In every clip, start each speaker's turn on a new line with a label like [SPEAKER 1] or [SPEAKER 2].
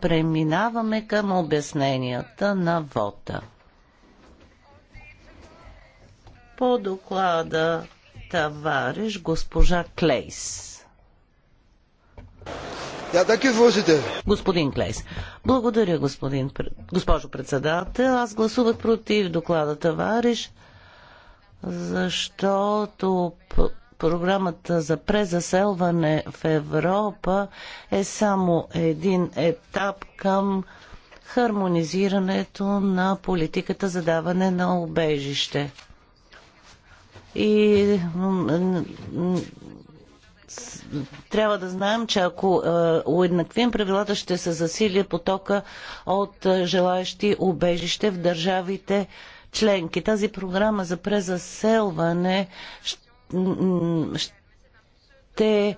[SPEAKER 1] Преминаваме към обясненията на вота. По доклада Тавариш, госпожа Клейс. Господин Клейс. Благодаря, господин, госпожо председател. Аз гласувах против доклада Тавариш, защото Програмата за презаселване в Европа е само един етап към хармонизирането на политиката за даване на обежище. И трябва да знаем, че ако е, уеднаквим правилата, ще се засили потока от е, желаящи обежище в държавите членки. Тази програма за презаселване ще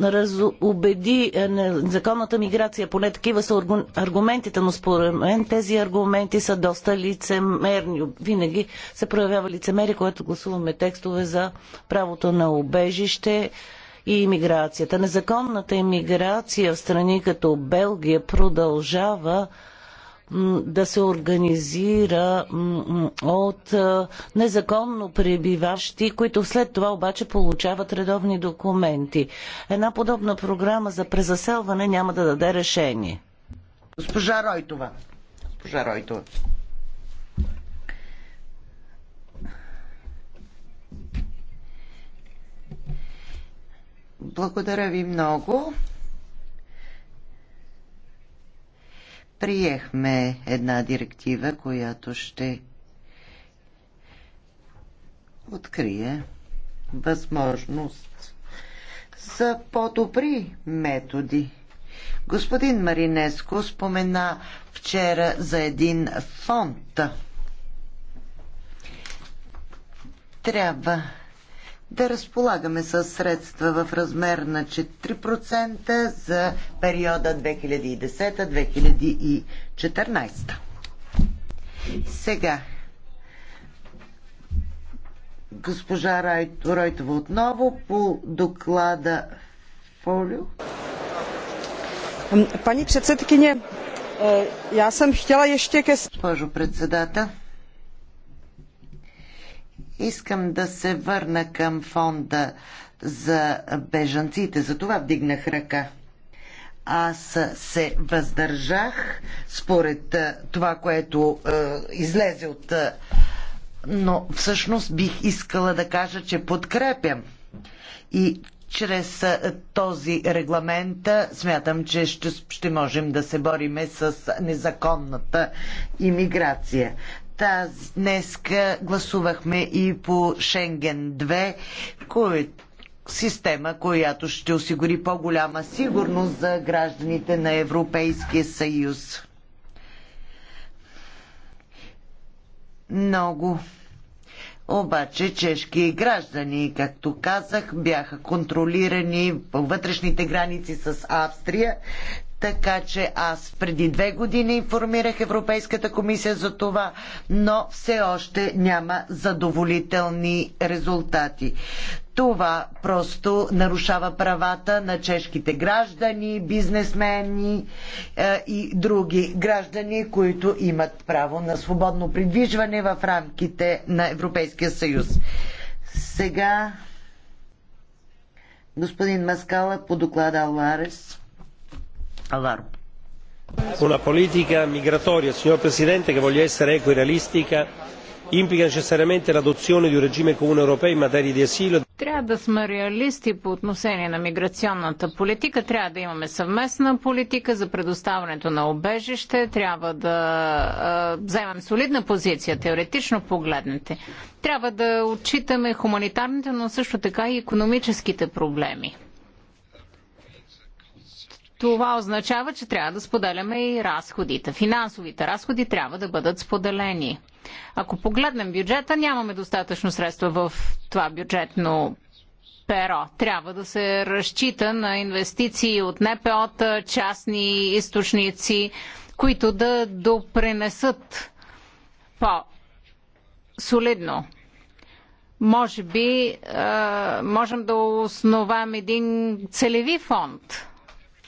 [SPEAKER 1] разобеди е, незаконната миграция. Поне такива са аргументите, но според мен тези аргументи са доста лицемерни. Винаги се проявява лицемерие, когато гласуваме текстове за правото на обежище и имиграцията. Незаконната имиграция в страни като Белгия продължава да се организира от незаконно пребиващи, които след това обаче получават редовни документи. Една подобна програма за презаселване няма да даде решение.
[SPEAKER 2] Госпожа Ройтова. Госпожа Ройтова. Благодаря ви много. приехме една директива, която ще открие възможност за по-добри методи. Господин Маринеско спомена вчера за един фонд. Трябва да разполагаме с средства в размер на 4% за периода 2010-2014. Сега, госпожа Ройтова отново по доклада Фолио. Пани председкиня, е, я съм хотела еще... Госпожо председател, Искам да се върна към фонда за бежанците. За това вдигнах ръка. Аз се въздържах според това, което е, излезе от. но всъщност бих искала да кажа, че подкрепям. И чрез този регламент смятам, че ще, ще можем да се бориме с незаконната имиграция. Тази днеска гласувахме и по Шенген 2, кое, система, която ще осигури по-голяма сигурност за гражданите на Европейския съюз. Много обаче чешки граждани, както казах, бяха контролирани по вътрешните граници с Австрия, така че аз преди две години информирах Европейската комисия за това, но все още няма задоволителни резултати. Това просто нарушава правата на чешките граждани, бизнесмени е, и други граждани, които имат право на свободно придвижване в рамките на Европейския съюз. Сега господин Маскала по доклада Ларес. Аларо.
[SPEAKER 1] Una politica migratoria, signor Presidente, che voglia essere equa e realistica, implica necessariamente l'adozione di un regime comune europeo in materia di asilo.
[SPEAKER 3] Трябва да сме реалисти по отношение на миграционната политика. Трябва да имаме съвместна политика за предоставянето на обежище. Трябва да а, вземем солидна позиция, теоретично погледнете. Трябва да отчитаме хуманитарните, но също така и економическите проблеми това означава, че трябва да споделяме и разходите. Финансовите разходи трябва да бъдат споделени. Ако погледнем бюджета, нямаме достатъчно средства в това бюджетно перо. Трябва да се разчита на инвестиции от НПО-та, частни източници, които да допренесат по-солидно може би е, можем да основам един целеви фонд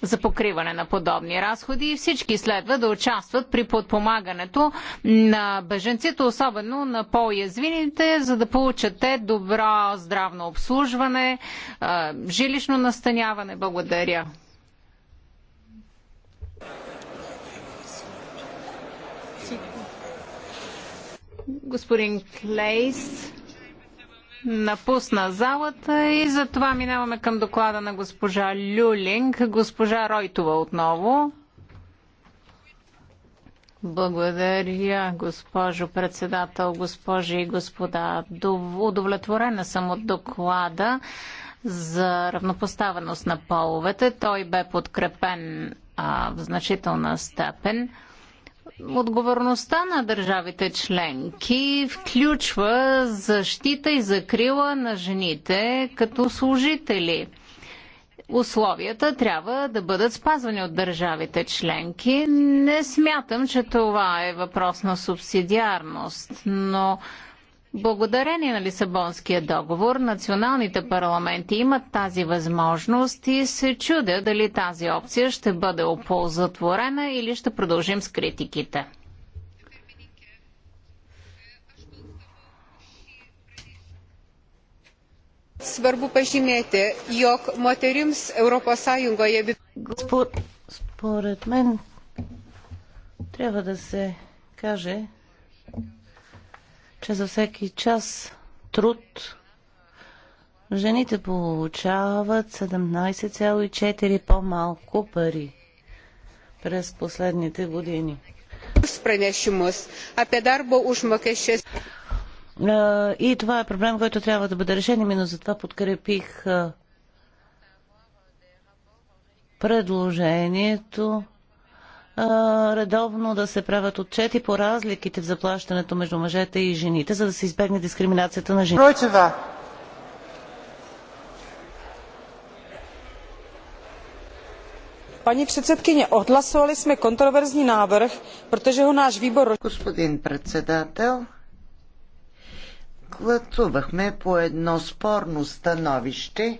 [SPEAKER 3] за покриване на подобни разходи и всички следва да участват при подпомагането на беженците, особено на по-язвините, за да получат те добро здравно обслужване, е, жилищно настаняване. Благодаря. Господин Клейс напусна залата и затова минаваме към доклада на госпожа Люлинг. Госпожа Ройтова отново. Благодаря, госпожо председател, госпожи и господа. Удовлетворена съм от доклада за равнопоставеност на половете. Той бе подкрепен а, в значителна степен отговорността на държавите членки включва защита и закрила на жените като служители. Условията трябва да бъдат спазвани от държавите членки. Не смятам, че това е въпрос на субсидиарност, но Благодарение на Лисабонския договор, националните парламенти имат тази възможност и се чудя дали тази опция ще бъде оползотворена или ще продължим с критиките.
[SPEAKER 4] Според мен
[SPEAKER 1] трябва да се каже, че за всеки час труд жените получават 17,4 по-малко пари през последните години. И това е проблем, който трябва да бъде решен. Именно затова подкрепих предложението редовно да се правят отчети по разликите в заплащането между мъжете и жените, за да се избегне дискриминацията на жените. Прочева.
[SPEAKER 4] Paní předsedkyně, odhlasovali jsme
[SPEAKER 2] kontroverzní návrh, protože ho náš výbor... Господин председател, гласувахме по едно спорно становище.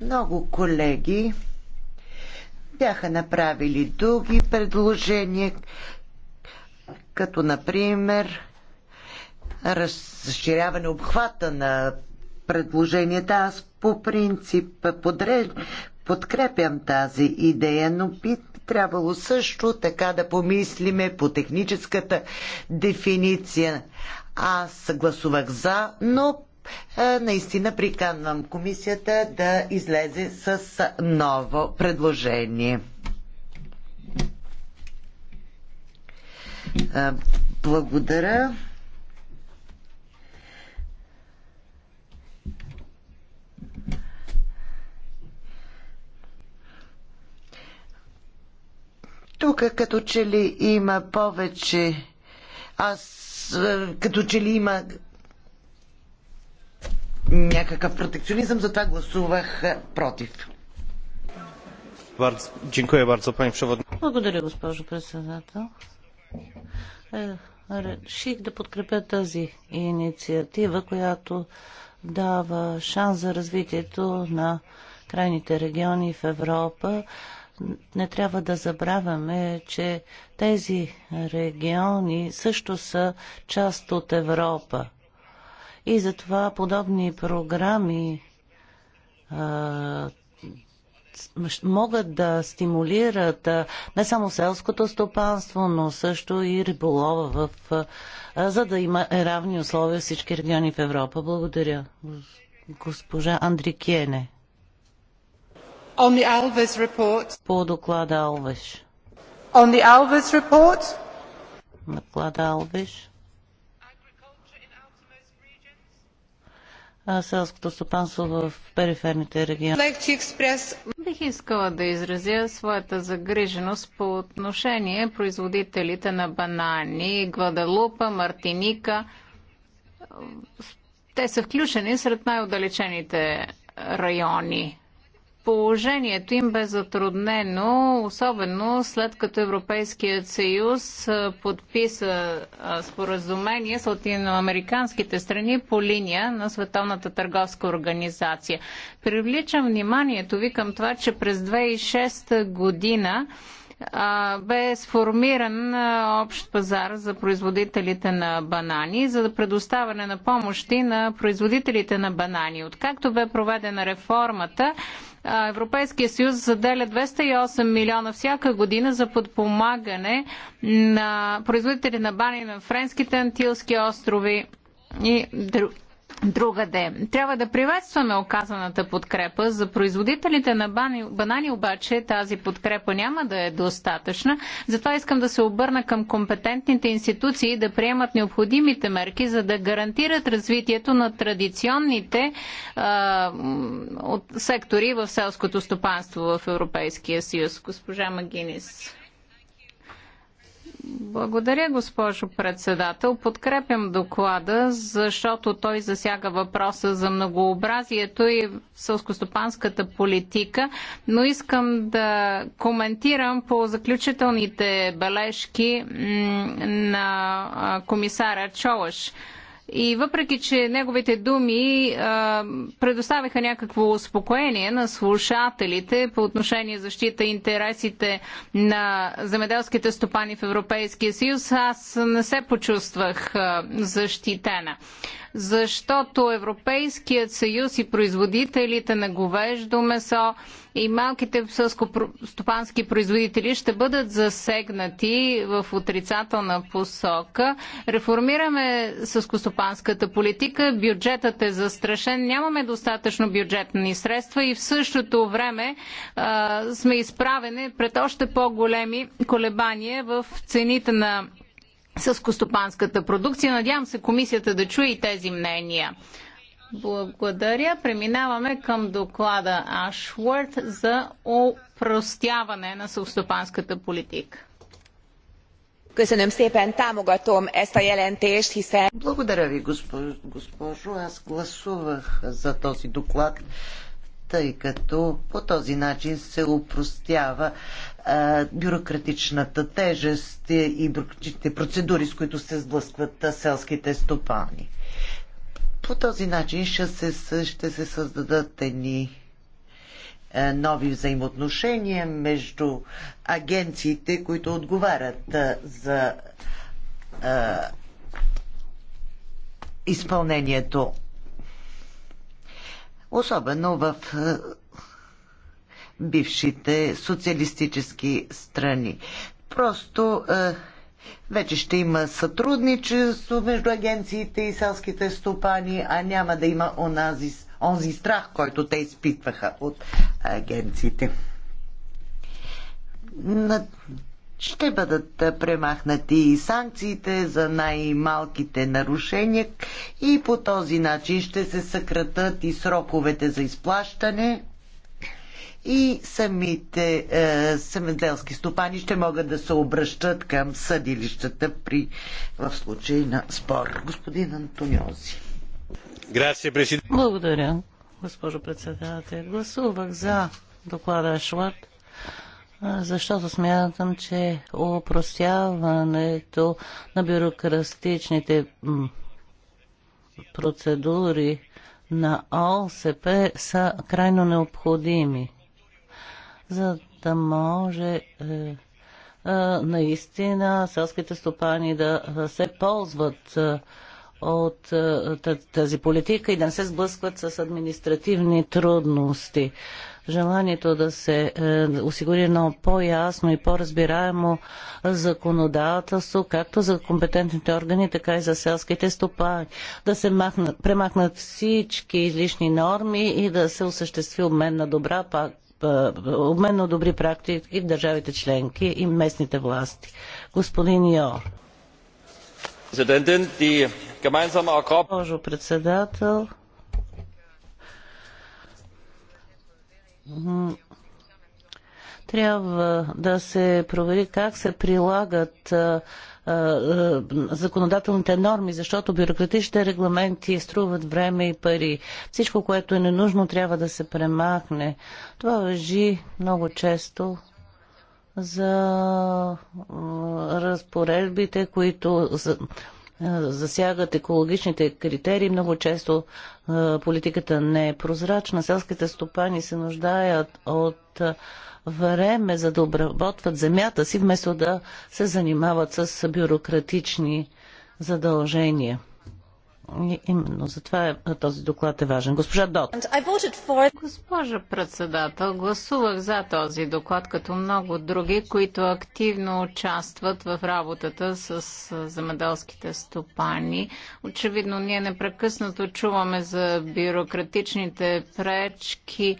[SPEAKER 2] Много колеги бяха направили други предложения, като например разширяване обхвата на предложенията. Аз по принцип подред, подкрепям тази идея, но би трябвало също така да помислиме по техническата дефиниция. Аз гласувах за, но е, наистина приканвам комисията да излезе с ново предложение. Е, благодаря. Тук като че ли има повече. Аз е, като че ли има някакъв протекционизъм, затова гласувах е, против. Благодаря,
[SPEAKER 1] госпожо председател. Е, реших да подкрепя тази инициатива, която дава шанс за развитието на крайните региони в Европа. Не трябва да забравяме, че тези региони също са част от Европа. И затова подобни програми а, могат да стимулират а, не само селското стопанство, но също и риболова, в, а, за да има равни условия всички региони в Европа. Благодаря. Госпожа Андрикиене. По доклада Алвеш.
[SPEAKER 3] On the Alves report.
[SPEAKER 1] Доклада Алвеш. селското стопанство в периферните региони.
[SPEAKER 3] Бих искала да изразя своята загриженост по отношение производителите на банани, Гвадалупа, Мартиника. Те са включени сред най-отдалечените райони положението им бе затруднено, особено след като Европейският съюз подписа споразумение с латиноамериканските страни по линия на Световната търговска организация. Привличам вниманието ви към това, че през 2006 година бе сформиран общ пазар за производителите на банани за предоставяне на помощи на производителите на банани. Откакто бе проведена реформата, Европейския съюз заделя 208 милиона всяка година за подпомагане на производители на бани на Френските Антилски острови и други другаде. Трябва да приветстваме оказаната подкрепа. За производителите на бани, банани обаче тази подкрепа няма да е достатъчна. Затова искам да се обърна към компетентните институции да приемат необходимите мерки, за да гарантират развитието на традиционните а, от сектори в селското стопанство в Европейския съюз. Госпожа Магинис. Благодаря, госпожо председател. Подкрепям доклада, защото той засяга въпроса за многообразието и сълскостопанската политика, но искам да коментирам по заключителните бележки на комисара Чолаш. И въпреки, че неговите думи а, предоставиха някакво успокоение на слушателите по отношение защита интересите на земеделските стопани в Европейския съюз, аз не се почувствах а, защитена защото Европейският съюз и производителите на говеждо месо и малките стопански производители ще бъдат засегнати в отрицателна посока. Реформираме съскостопанската политика, бюджетът е застрашен, нямаме достатъчно бюджетни средства и в същото време а, сме изправени пред още по-големи колебания в цените на с костопанската продукция. Надявам се комисията да чуе и тези мнения. Благодаря. Преминаваме към доклада Ашворд за опростяване на съвстопанската политика. Благодаря
[SPEAKER 2] ви, госпожо. Аз гласувах за този доклад, тъй като по този начин се упростява е, бюрократичната тежест и бюрократичните процедури, с които се сблъскват е, селските стопани. По този начин ще се, ще се създадат едни е, нови взаимоотношения между агенциите, които отговарят за а, изпълнението. Особено в бившите социалистически страни. Просто е, вече ще има сътрудничество между агенциите и селските стопани, а няма да има онази, онзи страх, който те изпитваха от агенциите. Ще бъдат премахнати и санкциите за най-малките нарушения и по този начин ще се съкратат и сроковете за изплащане и самите е, семеделски стопани ще могат да се обръщат към съдилищата при, в случай на спор. Господин Антониози. Благодаря,
[SPEAKER 1] госпожо председател. Гласувах за доклада Шварт, защото смятам, че упростяването на бюрократичните процедури на ОСП са крайно необходими за да може е, е, наистина селските стопани да се ползват е, от тази политика и да не се сблъскват с административни трудности. Желанието да се осигури едно по-ясно и по-разбираемо законодателство, както за компетентните органи, така и за селските стопани. Да се махнат, премахнат всички излишни норми и да се осъществи обмен на добра обмен на добри практики в държавите членки и местните власти. Господин Йор. Госпожо председател, трябва да се провери как се прилагат законодателните норми, защото бюрократичните регламенти струват време и пари. Всичко, което е ненужно, трябва да се премахне. Това въжи много често за разпоредбите, които засягат екологичните критерии. Много често политиката не е прозрачна. Селските стопани се нуждаят от време, за да обработват земята си, вместо да се занимават с бюрократични задължения. Именно за това е, този доклад е важен. Госпожа Дот.
[SPEAKER 3] For... Госпожа председател, гласувах за този доклад, като много други, които активно участват в работата с земеделските стопани. Очевидно, ние непрекъснато чуваме за бюрократичните пречки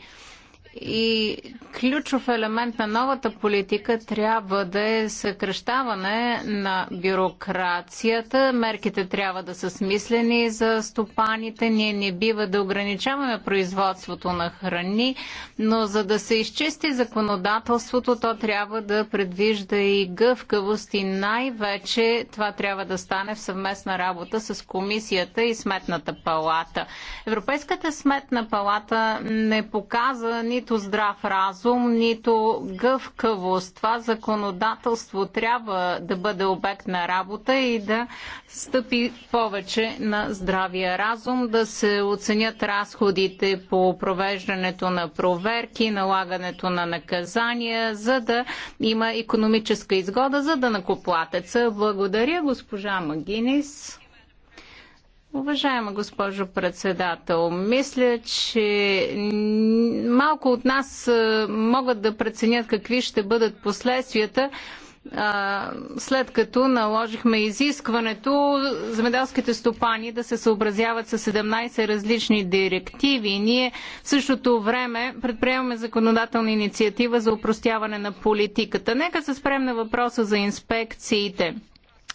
[SPEAKER 3] и ключов елемент на новата политика трябва да е съкръщаване на бюрокрацията. Мерките трябва да са смислени за стопаните. Ние не бива да ограничаваме производството на храни, но за да се изчисти законодателството, то трябва да предвижда и гъвкавост и най-вече това трябва да стане в съвместна работа с комисията и сметната палата. Европейската сметна палата не показа нито нито здрав разум, нито гъвкавост. Това законодателство трябва да бъде обект на работа и да стъпи повече на здравия разум, да се оценят разходите по провеждането на проверки, налагането на наказания, за да има економическа изгода за да накоплатеца. Благодаря, госпожа Магинис. Уважаема госпожо председател, мисля, че малко от нас могат да преценят какви ще бъдат последствията след като наложихме изискването земеделските стопани да се съобразяват с 17 различни директиви. Ние в същото време предприемаме законодателна инициатива за упростяване на политиката. Нека се спрем на въпроса за инспекциите.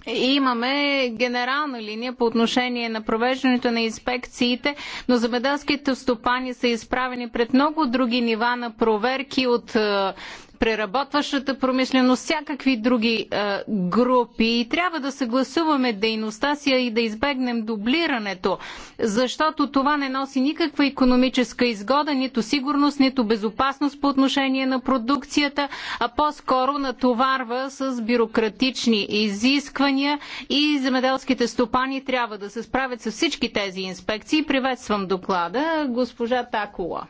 [SPEAKER 3] Имаме генерална линия по отношение на провеждането на инспекциите, но земеделските стопани са изправени пред много други нива на проверки от е, преработващата промишленост, всякакви други е, групи. И трябва да съгласуваме дейността си и да избегнем дублирането, защото това не носи никаква економическа изгода, нито сигурност, нито безопасност по отношение на продукцията, а по-скоро натоварва с бюрократични изисквания и земеделските стопани трябва да се справят с всички тези инспекции. Приветствам доклада госпожа Такова.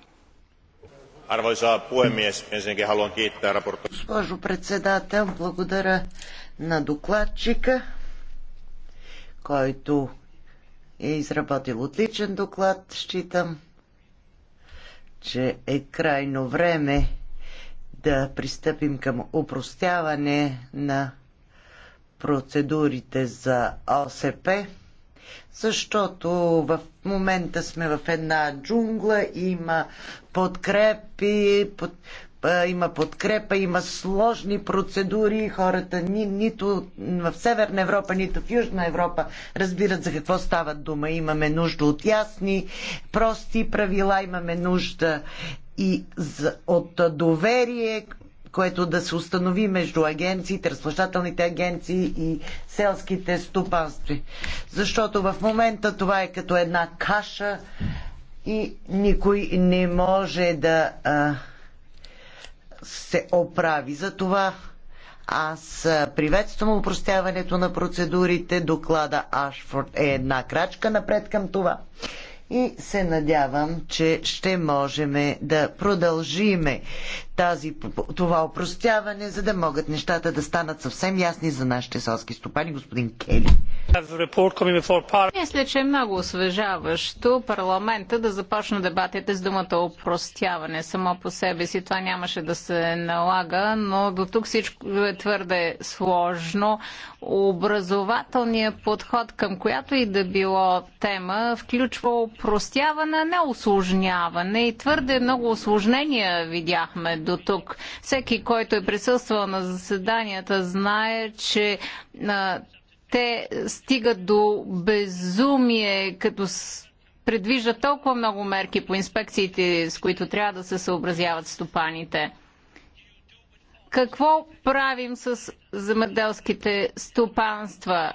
[SPEAKER 2] Arvoisa puhemies, ensinnäkin haluan kiittää raportoijaa.
[SPEAKER 3] Госпожо председател, благодаря
[SPEAKER 2] на докладчика, който е изработил отличен доклад. Считам, че е крайно време да пристъпим към упростяване на процедурите за ОСП защото в момента сме в една джунгла, има подкрепи, под, има подкрепа, има сложни процедури, хората ни, нито в Северна Европа, нито в Южна Европа разбират за какво стават дума. Имаме нужда от ясни, прости правила, имаме нужда и от доверие което да се установи между агенциите, разплащателните агенции и селските стопанстви. Защото в момента това е като една каша и никой не може да а, се оправи. Затова аз приветствам упростяването на процедурите. Доклада Ашфорд е една крачка напред към това. И се надявам, че ще можем да продължиме тази, това опростяване, за да могат нещата да станат съвсем ясни за нашите селски стопани, господин Кели.
[SPEAKER 3] Мисля, че е много освежаващо парламента да започна дебатите с думата опростяване. Само по себе си това нямаше да се налага, но до тук всичко е твърде сложно. Образователният подход към която и да било тема включва опростяване, не осложняване и твърде много осложнения видяхме до тук. Всеки, който е присъствал на заседанията, знае, че а, те стигат до безумие, като предвижда толкова много мерки по инспекциите, с които трябва да се съобразяват стопаните. Какво правим с земеделските стопанства?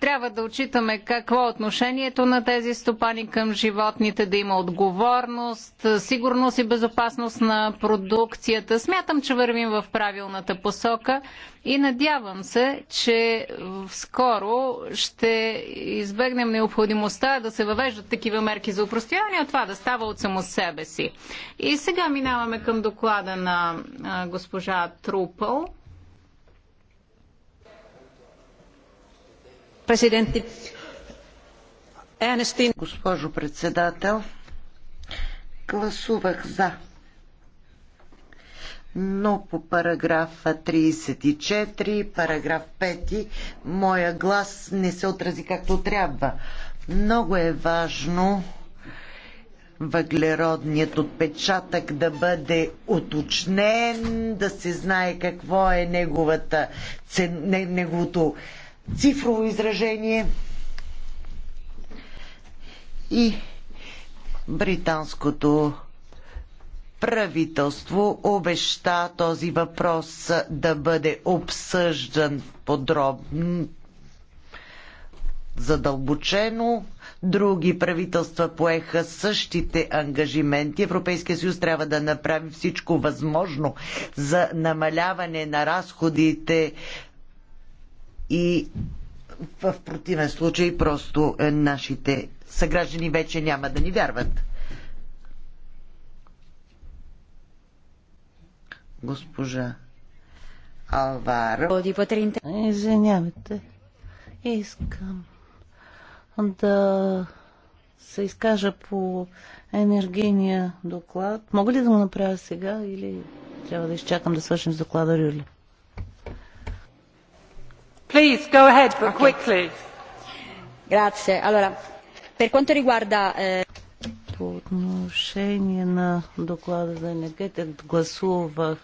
[SPEAKER 3] трябва да отчитаме какво е отношението на тези стопани към животните, да има отговорност, сигурност и безопасност на продукцията. Смятам, че вървим в правилната посока и надявам се, че скоро ще избегнем необходимостта да се въвеждат такива мерки за упростяване, а това да става от само себе си. И сега минаваме към доклада на госпожа Трупъл.
[SPEAKER 2] Госпожо председател, гласувах за. Но по параграф 34, параграф 5, моя глас не се отрази както трябва. Много е важно въглеродният отпечатък да бъде уточнен, да се знае какво е неговата, неговото цифрово изражение и британското правителство обеща този въпрос да бъде обсъждан подробно, задълбочено. Други правителства поеха същите ангажименти. Европейския съюз трябва да направи всичко възможно за намаляване на разходите и в противен случай просто е, нашите съграждани вече няма да ни вярват. Госпожа Алваро.
[SPEAKER 1] Извинявайте. Искам да се изкажа по енергийния доклад. Мога ли да го направя сега или трябва да изчакам да свършим с доклада Рюли? Please, go ahead, but quickly.
[SPEAKER 5] Grazie. Allora, per quanto riguarda... Eh... По отношение
[SPEAKER 1] на доклада за енергетик гласувах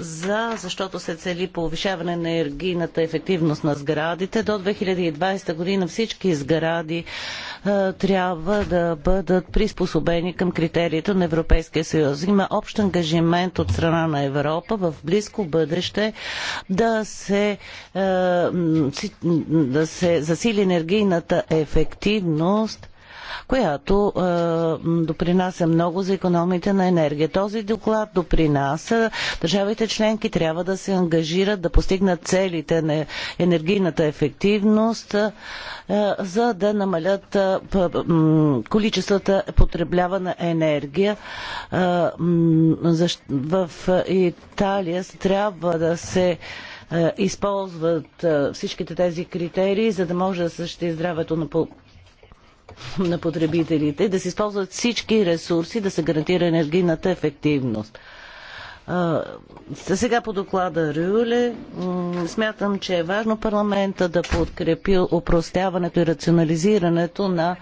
[SPEAKER 1] за, защото се цели повишаване на енергийната ефективност на сградите. До 2020 година всички сгради трябва да бъдат приспособени към критериите на Европейския съюз. Има общ ангажимент от страна на Европа в близко бъдеще да се, да се засили енергийната ефективност която е, допринася много за економите на енергия. Този доклад допринася. Държавите членки трябва да се ангажират да постигнат целите на енергийната ефективност, е, за да намалят е, количествата потреблявана енергия. Е, в Италия трябва да се е, използват е, всичките тези критерии, за да може да защити здравето на на потребителите, да се използват всички ресурси, да се гарантира енергийната ефективност. Сега по доклада Рюле смятам, че е важно парламента да подкрепи упростяването и рационализирането на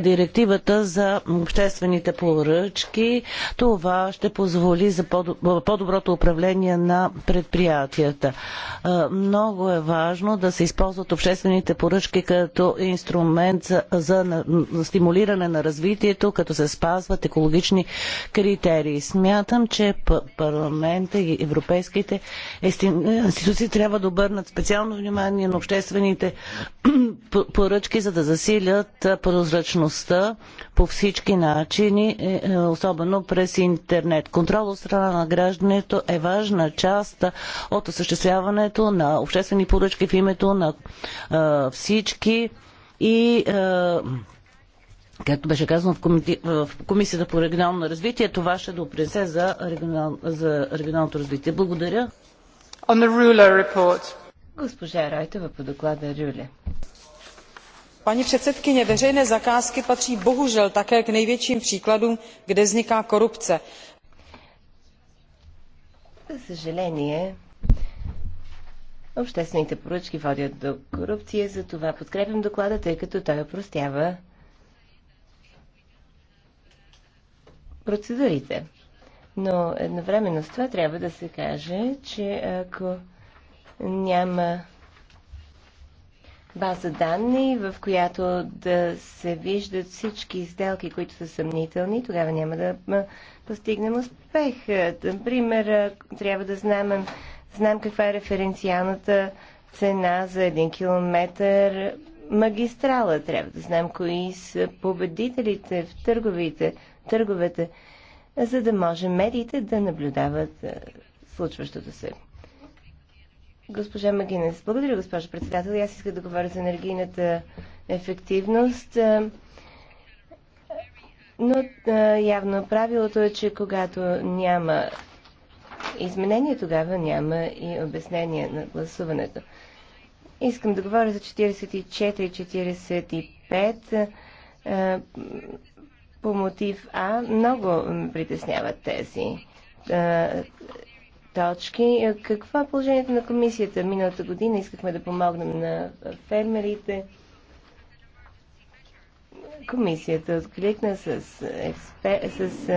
[SPEAKER 1] директивата за обществените поръчки. Това ще позволи за по-доброто управление на предприятията. Много е важно да се използват обществените поръчки като инструмент за, стимулиране на развитието, като се спазват екологични критерии. Смятам, че парламента и европейските институции трябва да обърнат специално внимание на обществените поръчки, за да засилят прозрачността прозрачността по всички начини, е, е, особено през интернет. Контрол от страна на гражданите е важна част от осъществяването на обществени поръчки в името на е, всички и Както беше казано в, в Комисията по регионално развитие, това ще допринесе за, регионал... за регионалното развитие. Благодаря.
[SPEAKER 4] On the Ruler report. Госпожа Ройтова по доклада Рюле paní předsedkyně veřejné zakázky patří bohužel také k největším příkladům
[SPEAKER 5] kde vzniká korupce. За съжаление, обществените поръчки водят до корупция, затова подкрепям доклада, тъй като той опростява процедурите. Но едновременно с това трябва да се каже, че ако няма база данни, в която да се виждат всички сделки, които са съмнителни, тогава няма да постигнем успех. Например, трябва да знаем, знам каква е референциалната цена за един километр магистрала. Трябва да знам кои са победителите в търговите, търговете, за да може медиите да наблюдават е, случващото се. Госпожа Магинес. Благодаря, госпожа председател. аз исках да говоря за енергийната ефективност. Но явно правилото е, че когато няма изменение, тогава няма и обяснение на гласуването. Искам да говоря за 44-45 по мотив А. Много притесняват тези точки. Какво е положението на комисията? Миналата година искахме да помогнем на фермерите. Комисията откликна с, експер... с а...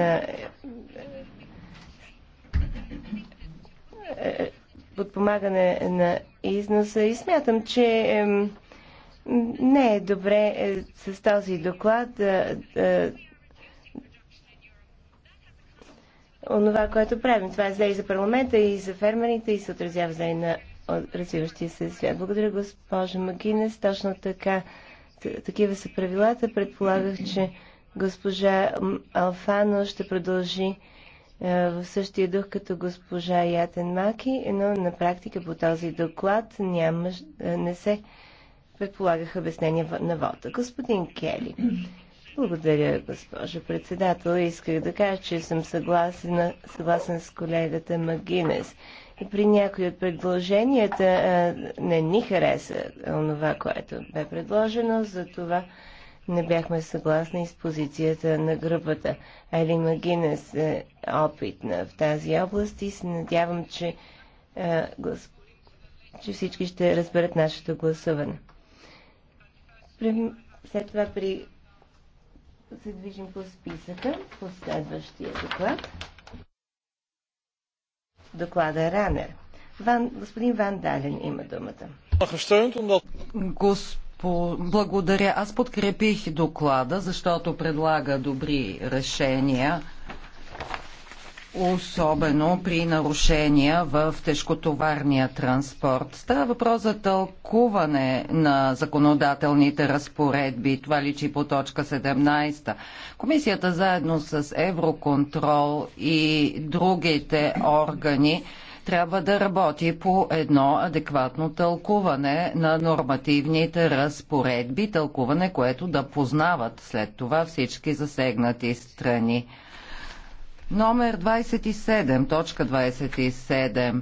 [SPEAKER 5] Е, е, е, подпомагане на износа и смятам, че не е добре с този доклад да, да, онова, което правим. Това е зле и за парламента, и за фермерите, и се отразява зле и на развиващия се свят. Благодаря, госпожа Макинес, Точно така. Такива са правилата. Предполагах, че госпожа Алфано ще продължи е, в същия дух като госпожа Ятен Маки, но на практика по този доклад няма, не се предполагаха обяснения на вода. Господин Кели, благодаря, госпожо председател. Исках да кажа, че съм съгласна, съгласна с колегата Магинес. И при някои от предложенията а, не ни хареса това, което бе предложено, затова не бяхме съгласни с позицията на групата. Ели Магинес е опитна в тази област и се надявам, че, а, глас... че всички ще разберат нашето гласуване. При... След това при се движим по списъка, по следващия доклад. Доклада е Ранер. Ван, господин Ван Дален има думата. Госпо,
[SPEAKER 4] благодаря. Аз подкрепих доклада, защото предлага добри решения особено при нарушения в тежкотоварния транспорт. Става въпрос за тълкуване на законодателните разпоредби. Това личи по точка 17. Комисията заедно с Евроконтрол и другите органи трябва да работи по едно адекватно тълкуване на нормативните разпоредби, тълкуване, което да познават след това всички засегнати страни. Номер 27, точка 27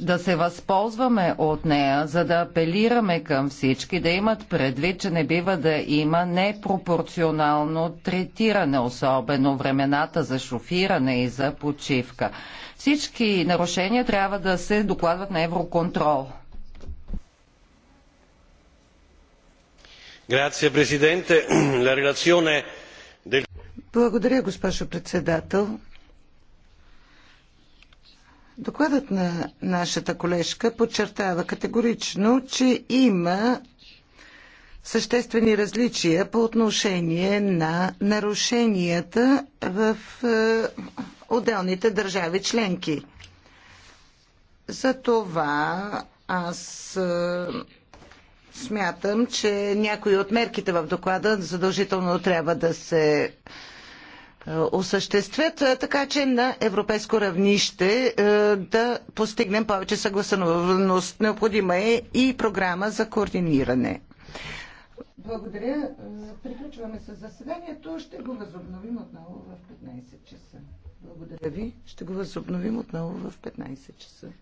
[SPEAKER 4] да се възползваме от нея, за да апелираме към всички да имат предвид, че не бива да има непропорционално третиране, особено времената за шофиране и за почивка. Всички нарушения трябва да се докладват на Евроконтрол.
[SPEAKER 5] Grazie Presidente, la relazione
[SPEAKER 2] благодаря, госпожо председател. Докладът на нашата колежка подчертава категорично, че има съществени различия по отношение на нарушенията в е, отделните държави членки. За това аз е, смятам, че някои от мерките в доклада задължително трябва да се е, осъществят, е, така че на европейско равнище е, да постигнем повече съгласуваност. Необходима е и програма за координиране. Благодаря. Приключваме с заседанието. Ще го възобновим отново в 15 часа. Благодаря ви. Ще го възобновим отново в 15 часа.